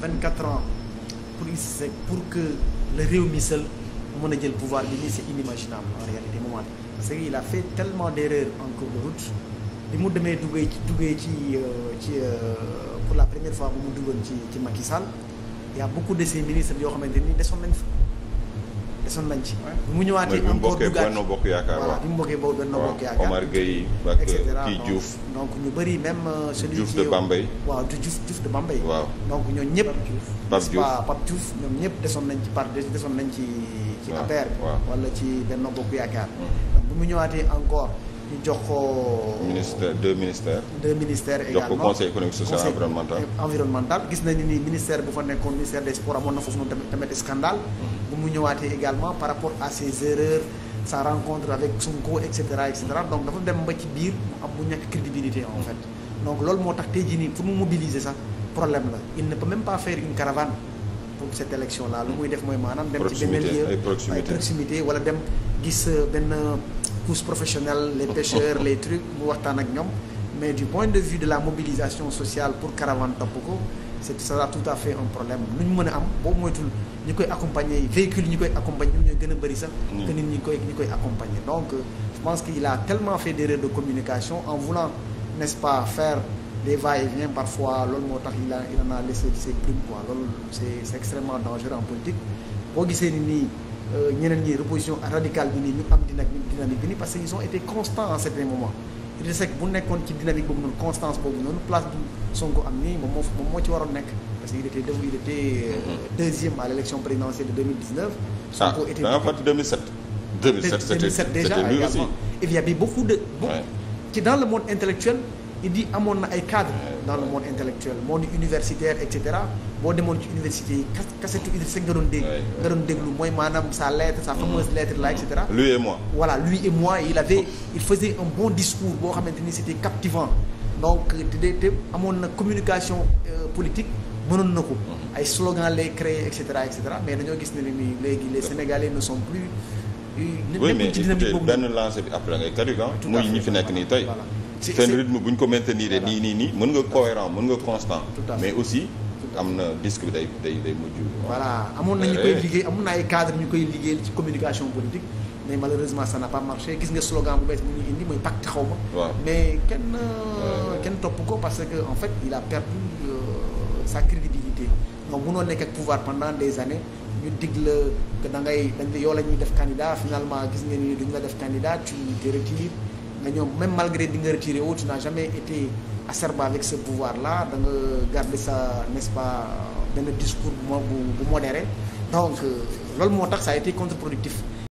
24 ans pour pour que le réew mi seul mën a jël pouvoir bi nii c'est inimaginable en réalité moment bi parce la il a fait tellement d'erreurs en cours de route bi mu demee duggee ci duggee ci euh, ci euh, pour la première fois bu mu duggoon ci ci Macky Sall y a beaucoup de ses ministres yoo xamante ni desoon nañ fa desoon nañ ci. bu mu ñëwaatee encore duggaat mooy bu mu bokkee Benno Bokk Yaakaar waaw bi mu bokkee Benno Bokk Yaakaar Omar Gueye ak kii Diouf donc ñu bëri même. Euh, celui Diouf de Bambey waaw du Diouf Diouf de Bambey. waaw donc ñooñu ñëpp. Pape Diouf Pape Diouf ñoom ñëpp desoon nañ ci par desoon nañ ci. ci affaire bi wala ci Benno Bokk Yaakaar. Mm. donc bu mu ñëwaatee encore. ñu jox ko. ministère deux ministères. deux ministères également jox ko conseil économique social environnemental. gis nañu ni ministère bu fa nekkoon ministère des sports amoon na foofu noonu tamit scandale. bu mu ñëwaatee également par rapport à ses erreurs sa rencontre avec Sonko et cetera donc dafa dem ba ci biir mu am bu ñàkk crédibilité en fait donc loolu moo tax tey jii nii pour mu mobiliser sax problème la il ne peut pas faire une caravane. pour cette élection là lu muy def mooy maanaam dem ci benn lieu ay proximité wala dem gis euh, benn couche euh, professionnelle les oh. pêcheurs les trucs mu waxtaan ak ñoom mais du point de vue de la mobilisation sociale pour caravane topp ko c'est ça sera tout à fait un problème lu ñu mën a am boobu moytul ñu koy accompagner véhicules yi ñu koy accompagner ñoom ñooy gën a bëri sax mm. que nit ñi koy ñi koy accompagner donc euh, je pense qu'il a tellement fait de communication en voulant n'est-ce des va-et-vient parfois loolu moo tax il a il en a laissé ses primes loolu c'est extrêmement dangereux en politique boo gisee ni nii euh, ñeneen ñi reposition radicale bi nii am dina dynamique bi parce que ils ont été constants en certains moments Idrissa Seck bu nekkoon ci dynamique boobu noonu constance boobu noonu place bi Sonko am nii moom moo moom moo ci waroon nekk parce que il était euh, deuxième à l'élection présidentielle de 2019 ah, était ah, déjà également il y avait beaucoup de ci dans le monde il dit amoon na ay cadre dans le monde intellectuel monde universitaire et boo demoon ci université yi kasetu Idriss Seck nga doon dégg nga doon lu mooy maanam sa lettre sa fameuse lettre là et lui et moi voilà lui et moi il avait il faisait un bon discours boo xamante ni c'était captivant donc te te amoon na communication euh, politique mënoon na ko ay slogan lay créer et cetera et mais dañoo gis ne ni léegi les Sénégalais ne sont plus oui mais fi nekk nii tey seen rythme bu ñu ko maintenir nii nii nii mën nga cohérent mën nga constant mais aussi am na disque bi day day day mujj voilà amoon na ñu koy eh, eh. liggéey amoon na ay cadre ñu koy liggéey ci communication politique mais malheureusement ça n'a pas marché gis nga slogan bu bees bu ñu indi mooy pacte xaw ma mais kenn euh, euh, kenn topp ko parce que en fait il a perdu euh, sa crédibilité donc munoo nekk ak pouvoir pendant des années ñu dig la que da ngay dañ yow la ñuy def candidat finalement gis nga ni duñ la def candidat tu te retires nga ñoom même malgré di nga retiré wu tu n'as jamais été acerbe avec ce pouvoir là da nga garder sa n'est-ce pas euh, benn discours bu bu modéré donc euh, loolu moo tax ça a été contre-productif